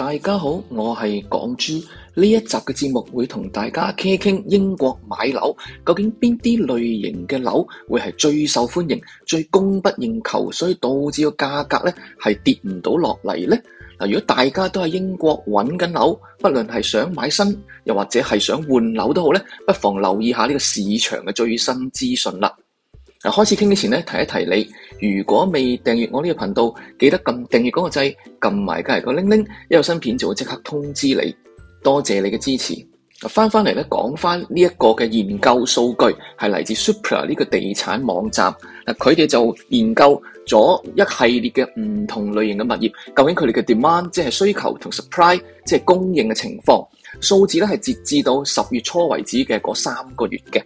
大家好，我係港豬。呢一集嘅節目會同大家傾一傾英國買樓，究竟邊啲類型嘅樓會係最受歡迎、最供不應求，所以導致個價格呢係跌唔到落嚟呢。嗱，如果大家都喺英國揾緊樓，不論係想買新，又或者係想換樓都好呢，不妨留意下呢個市場嘅最新資訊啦。嗱，開始傾之前咧，提一提你。如果未訂閱我呢個頻道，記得撳訂閱嗰個掣，撳埋隔籬個鈴鈴，一有新片就會即刻通知你。多謝你嘅支持。翻翻嚟咧，講翻呢一個嘅研究數據，係嚟自 Supra 呢個地產網站。嗱，佢哋就研究咗一系列嘅唔同類型嘅物業，究竟佢哋嘅 demand 即係需求同 supply 即係供應嘅情況。數字咧係截至到十月初為止嘅嗰三個月嘅。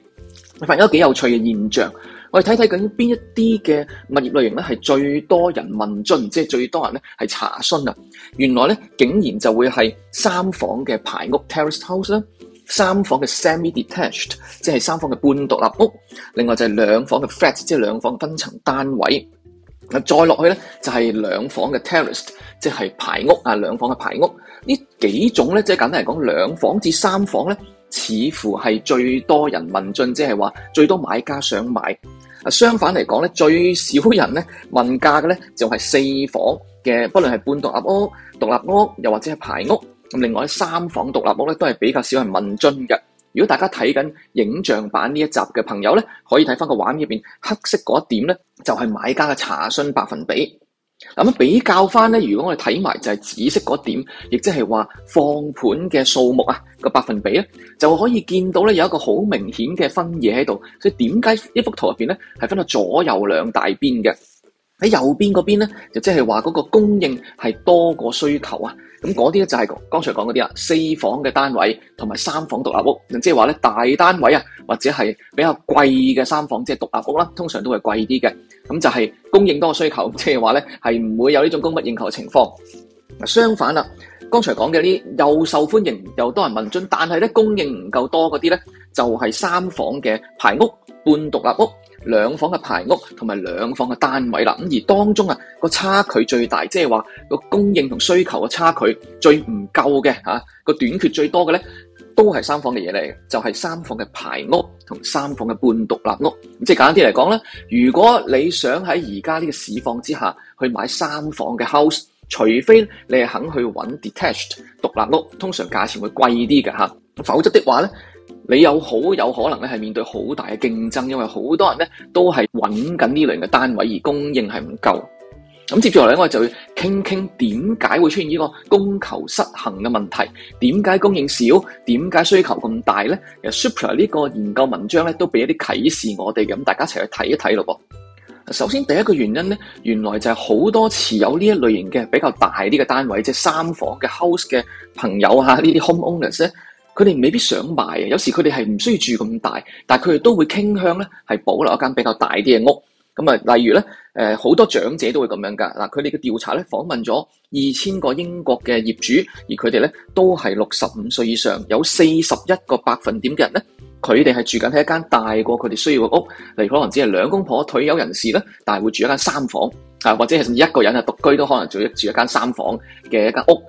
你發現咗幾有趣嘅現象。我哋睇睇緊邊一啲嘅物業類型咧，係最多人問津，即係最多人咧係查詢啊。原來咧竟然就會係三房嘅排屋 （terrace house） 啦，三房嘅 semi-detached，即係三房嘅半獨立屋；另外就係兩房嘅 flat，即係兩房嘅分層單位。再落去咧就係、是、兩房嘅 terrace，即係排屋啊，兩房嘅排屋。呢幾種咧，即係簡單嚟講，兩房至三房咧，似乎係最多人問津，即係話最多買家想買。相反嚟講咧，最少人咧問價嘅咧，就係四房嘅，不論係半獨立屋、獨立屋，又或者係排屋。咁另外三房獨立屋咧，都係比較少人問津嘅。如果大家睇緊影像版呢一集嘅朋友咧，可以睇翻個畫面入邊黑色嗰一點咧，就係買家嘅查詢百分比。咁比較翻咧，如果我哋睇埋就係紫色嗰點，亦即係話放盤嘅數目啊，個百分比咧，就可以見到咧有一個好明顯嘅分野喺度。所以點解一幅圖入邊咧係分到左右兩大邊嘅？喺右邊嗰邊咧，就即係話嗰個供應係多過需求啊。咁嗰啲呢就係剛才講嗰啲啊，四房嘅單位同埋三房獨立屋，即係話呢，大單位啊，或者係比較貴嘅三房即係獨立屋啦，通常都係貴啲嘅。咁就係供應多嘅需求，即係話呢，係唔會有呢種供不應求嘅情況。相反啦，剛才講嘅啲又受歡迎又多人問津，但係呢，供應唔夠多嗰啲呢，就係三房嘅排屋、半獨立屋。兩房嘅排屋同埋兩房嘅單位啦，咁而當中啊個差距最大，即係話個供應同需求嘅差距最唔夠嘅嚇，個、啊、短缺最多嘅咧，都係三房嘅嘢嚟嘅，就係、是、三房嘅排屋同三房嘅半獨立屋。咁即係簡單啲嚟講咧，如果你想喺而家呢個市況之下去買三房嘅 house，除非你係肯去揾 detached 獨立屋，通常價錢會貴啲嘅嚇，否則的話咧。你有好有可能咧，係面對好大嘅競爭，因為好多人咧都係揾緊呢類型嘅單位，而供應係唔夠。咁接住落嚟我哋就傾傾點解會出現呢個供求失衡嘅問題？點解供應少？點解需求咁大咧？Super 呢個研究文章咧都俾一啲啟示我哋嘅，咁大家一齊去睇一睇咯噃。首先第一個原因咧，原來就係好多持有呢一類型嘅比較大啲嘅單位，即係三房嘅 house 嘅朋友啊，呢啲 home owners 咧。佢哋未必想賣啊，有時佢哋係唔需要住咁大，但係佢哋都會傾向咧係保留一間比較大啲嘅屋。咁啊，例如咧，誒好多長者都會咁樣噶。嗱，佢哋嘅調查咧訪問咗二千個英國嘅業主，而佢哋咧都係六十五歲以上，有四十一個百分點嘅人咧，佢哋係住緊喺一間大過佢哋需要嘅屋。例如可能只係兩公婆退休人士咧，但係會住一間三房。或者甚至一個人啊，獨居都可能住住一間三房嘅一間屋。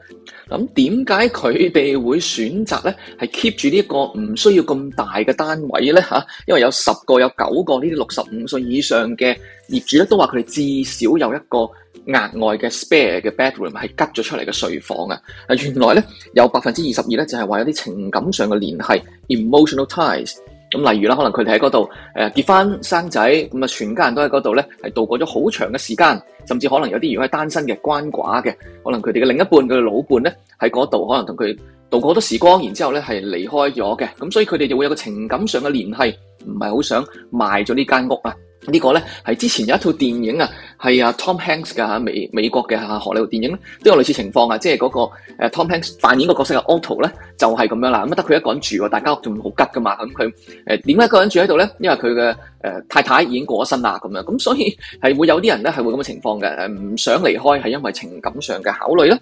咁點解佢哋會選擇咧？係 keep 住呢一個唔需要咁大嘅單位咧嚇？因為有十個有九個呢啲六十五歲以上嘅業主咧，都話佢哋至少有一個額外嘅 spare 嘅 bedroom 係吉咗出嚟嘅睡房啊！啊，原來咧有百分之二十二咧，就係話有啲情感上嘅聯繫 （emotional ties）。咁例如啦，可能佢哋喺嗰度，誒結婚生仔，咁啊全家人都喺嗰度咧，係度過咗好長嘅時間，甚至可能有啲如果係單身嘅，關寡嘅，可能佢哋嘅另一半佢嘅老伴咧喺嗰度，可能同佢度過好多時光，然之後咧係離開咗嘅，咁所以佢哋就會有個情感上嘅聯繫，唔係好想賣咗呢間屋啊！這個，呢個咧係之前有一套電影啊。係啊，Tom Hanks 噶吓美美國嘅荷里活電影咧都有類似情況是、那個、啊，即係嗰個誒 Tom Hanks 扮演個角色嘅 Otto 咧就係、是、咁樣啦，咁得佢一個人住，大家仲好急噶嘛。咁佢誒點解一個人住喺度咧？因為佢嘅誒太太已經過咗身啦，咁樣咁所以係會有啲人咧係會咁嘅情況嘅，唔想離開係因為情感上嘅考慮啦。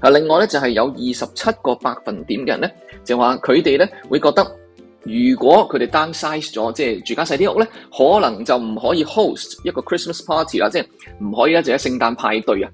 啊，另外咧就係、是、有二十七個百分點嘅人咧就話佢哋咧會覺得。如果佢哋 downsize 咗，即係住間細啲屋咧，可能就唔可以 host 一個 Christmas party 啦，即係唔可以咧，就喺聖誕派對啊！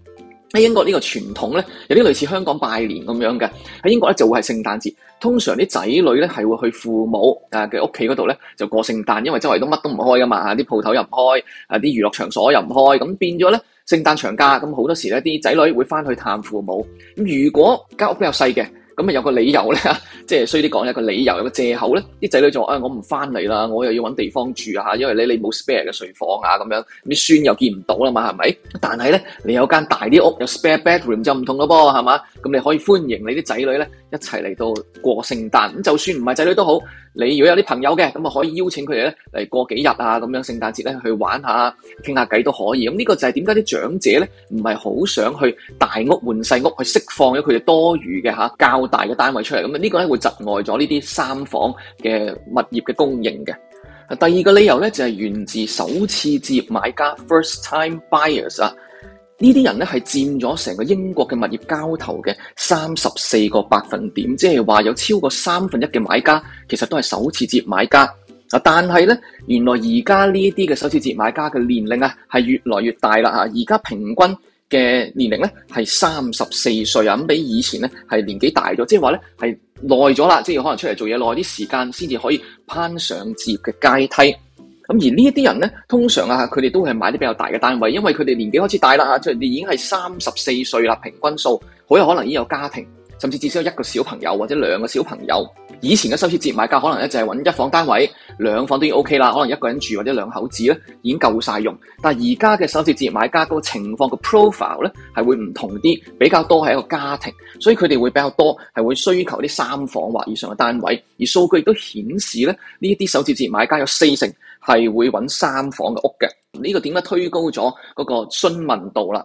喺英國個傳呢個傳統咧，有啲類似香港拜年咁樣嘅，喺英國咧就會係聖誕節。通常啲仔女咧係會去父母啊嘅屋企嗰度咧就過聖誕，因為周圍都乜都唔開㗎嘛，啲鋪頭又唔開，啊啲娛樂場所又唔開，咁變咗咧聖誕長假，咁好多時咧啲仔女會翻去探父母。咁如果間屋比較細嘅。咁啊有個理由咧，即係衰啲講，有個理由，有個借口咧，啲仔女就話、哎：我唔翻嚟啦，我又要揾地方住啊下，因為你你冇 spare 嘅睡房啊，咁樣啲孫又見唔到啦嘛，係咪？但係咧，你有間大啲屋，有 spare bedroom 就唔同咯噃，係嘛？咁你可以歡迎你啲仔女咧。一齊嚟到過聖誕，咁就算唔係仔女都好，你如果有啲朋友嘅，咁啊可以邀請佢哋咧嚟過幾日啊，咁樣聖誕節咧去玩下傾下偈都可以。咁呢個就係點解啲長者咧唔係好想去大屋換細屋，去釋放咗佢哋多餘嘅嚇較大嘅單位出嚟。咁啊呢個咧會窒礙咗呢啲三房嘅物業嘅供應嘅。第二個理由咧就係源自首次置業買家 （first time buyers） 啊。呢啲人咧係佔咗成個英國嘅物業交投嘅三十四個百分點，即係話有超過三分一嘅買家其實都係首次置業買家啊！但係咧，原來而家呢啲嘅首次置業買家嘅年齡啊係越來越大啦嚇，而家平均嘅年齡咧係三十四歲啊，咁比以前咧係年紀大咗，即係話咧係耐咗啦，即係、就是、可能出嚟做嘢耐啲時間先至可以攀上置業嘅階梯。咁而呢一啲人咧，通常啊，佢哋都係買啲比較大嘅單位，因為佢哋年紀開始大啦，即係已經係三十四歲啦，平均數好有可能已經有家庭，甚至至少有一個小朋友或者兩個小朋友。以前嘅首次置業買家可能咧就係、是、搵一房單位，兩房都已經 O K 啦，可能一個人住或者兩口子咧已經夠晒用。但係而家嘅首次置業買家個情況嘅 profile 咧係會唔同啲，比較多係一個家庭，所以佢哋會比較多係會需求啲三房或以上嘅單位。而數據亦都顯示咧，呢啲首次置業買家有四成。係會揾三房嘅屋嘅，呢、這個點解推高咗嗰個詢問度啦？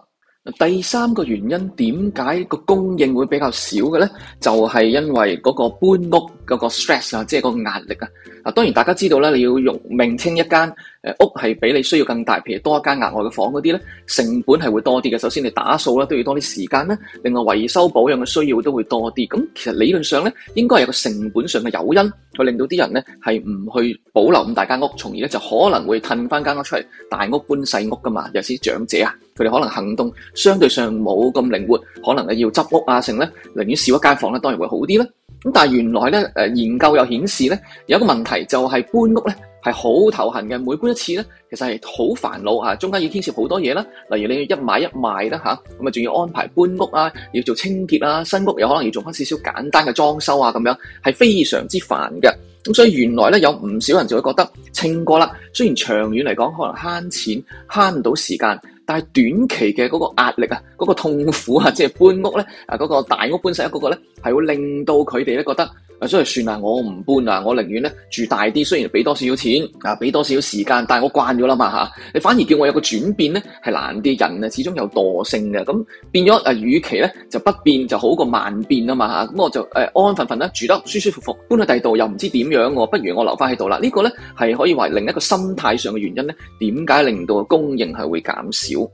第三個原因點解個供應會比較少嘅咧？就係、是、因為嗰個搬屋嗰個 stress 啊，即係個壓力啊。啊，當然大家知道咧，你要用命清一間。屋係比你需要更大，譬如多一間額外嘅房嗰啲呢，成本係會多啲嘅。首先你打掃都要多啲時間呢，另外維修保養嘅需要都會多啲。咁其實理論上呢，應該有一個成本上嘅誘因，去令到啲人呢係唔去保留咁大間屋，從而呢就可能會褪返間屋出嚟，大屋搬細屋㗎嘛。有啲長者啊，佢哋可能行動相對上冇咁靈活，可能你要執屋啊成，剩呢，寧願少一間房呢，當然會好啲啦。咁但係原來咧，誒研究又顯示咧，有一個問題就係搬屋咧係好頭痕嘅。每搬一次咧，其實係好煩惱，中間要牽涉好多嘢啦，例如你要一買一賣啦嚇，咁啊仲要安排搬屋啊，要做清潔啊，新屋又可能要做翻少少簡單嘅裝修啊，咁樣係非常之煩嘅。咁所以原來咧有唔少人就會覺得清過啦，雖然長遠嚟講可能慳錢慳唔到時間。但係短期嘅嗰個壓力啊，嗰、嗰個痛苦啊，即係搬屋咧，啊、嗰、嗰個大屋搬細屋嗰個咧，係會令到佢哋咧覺得。所以算啦，我唔搬啦，我寧願咧住大啲，雖然俾多少少錢，啊俾多少少時間，但係我慣咗啦嘛吓、啊，你反而叫我有個轉變咧係難啲，人啊始終有惰性嘅，咁變咗啊，與、啊、其咧就不變就好過萬變嘛啊嘛吓，咁我就誒安、啊、安分分咧住得舒舒服服，搬去第二度又唔知點樣、啊，我不如我留翻喺度啦，這個、呢個咧係可以話另一個心態上嘅原因咧，點解令到個供應係會減少？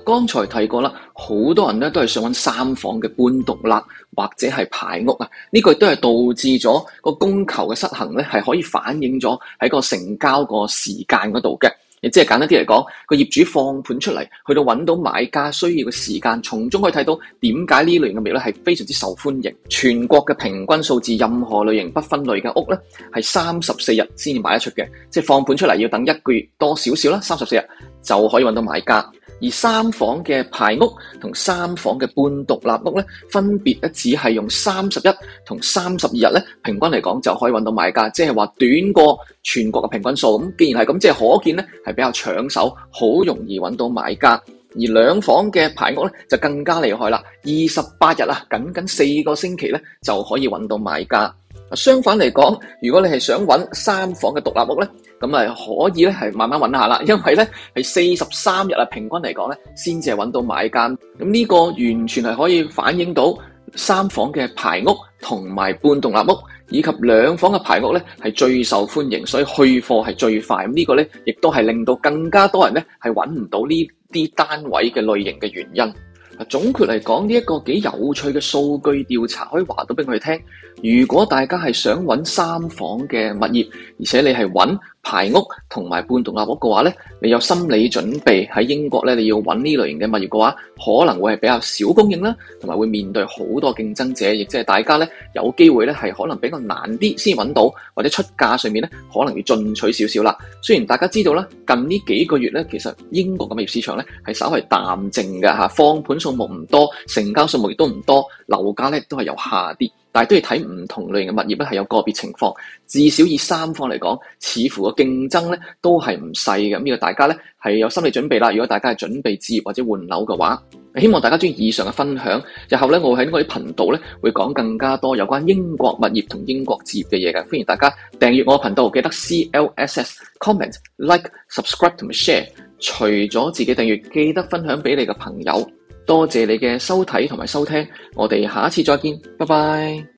剛才提過啦，好多人咧都係想搵三房嘅半獨立或者係排屋啊。呢個都係導致咗個供求嘅失衡咧，係可以反映咗喺個成交個時間嗰度嘅。亦即係簡單啲嚟講，個業主放盤出嚟去到搵到買家需要嘅時間，從中可以睇到點解呢類型嘅物咧係非常之受歡迎。全國嘅平均數字，任何類型不分類嘅屋咧係三十四日先至買得出嘅，即係放盤出嚟要等一個月多少少啦，三十四日就可以搵到買家。而三房嘅排屋同三房嘅半獨立屋咧，分別咧只係用三十一同三十二日咧，平均嚟講就可以揾到買家，即係話短過全國嘅平均數。咁既然係咁，即係可見咧，係比較搶手，好容易揾到買家。而兩房嘅排屋咧，就更加厲害啦，二十八日啦，僅僅四個星期咧就可以揾到買家。相反嚟講，如果你係想揾三房嘅獨立屋咧，咁啊，可以咧，係慢慢揾下啦，因為咧係四十三日啊，平均嚟講咧，先至係揾到買間。咁呢個完全係可以反映到三房嘅排屋同埋半獨立屋以及兩房嘅排屋咧，係最受歡迎，所以去貨係最快。咁呢個咧，亦都係令到更加多人咧，係揾唔到呢啲單位嘅類型嘅原因。啊，總括嚟講，呢一個幾有趣嘅數據調查，可以話到俾我哋聽。如果大家係想揾三房嘅物業，而且你係揾。排屋同埋半獨立屋嘅話呢，你有心理準備。喺英國呢，你要揾呢類型嘅物業嘅話，可能會係比較少供應啦，同埋會面對好多競爭者，亦即係大家呢，有機會呢係可能比較難啲先揾到，或者出價上面呢可能要進取少少啦。雖然大家知道啦，近呢幾個月呢，其實英國嘅物業市場呢係稍為淡靜嘅吓，放盤數目唔多，成交數目亦都唔多，樓價呢都係有下跌。但係都要睇唔同類型嘅物業咧，係有個別情況。至少以三房嚟講，似乎個競爭咧都係唔細嘅。呢個大家咧係有心理準備啦。如果大家係準備置業或者換樓嘅話，希望大家中意以上嘅分享。日後咧，我喺我啲頻道咧會講更加多有關英國物業同英國置業嘅嘢嘅。歡迎大家訂閱我嘅頻道，記得 C L S S comment like subscribe to share。除咗自己訂閱，記得分享俾你嘅朋友。多謝你嘅收睇同埋收聽，我哋下次再見，拜拜。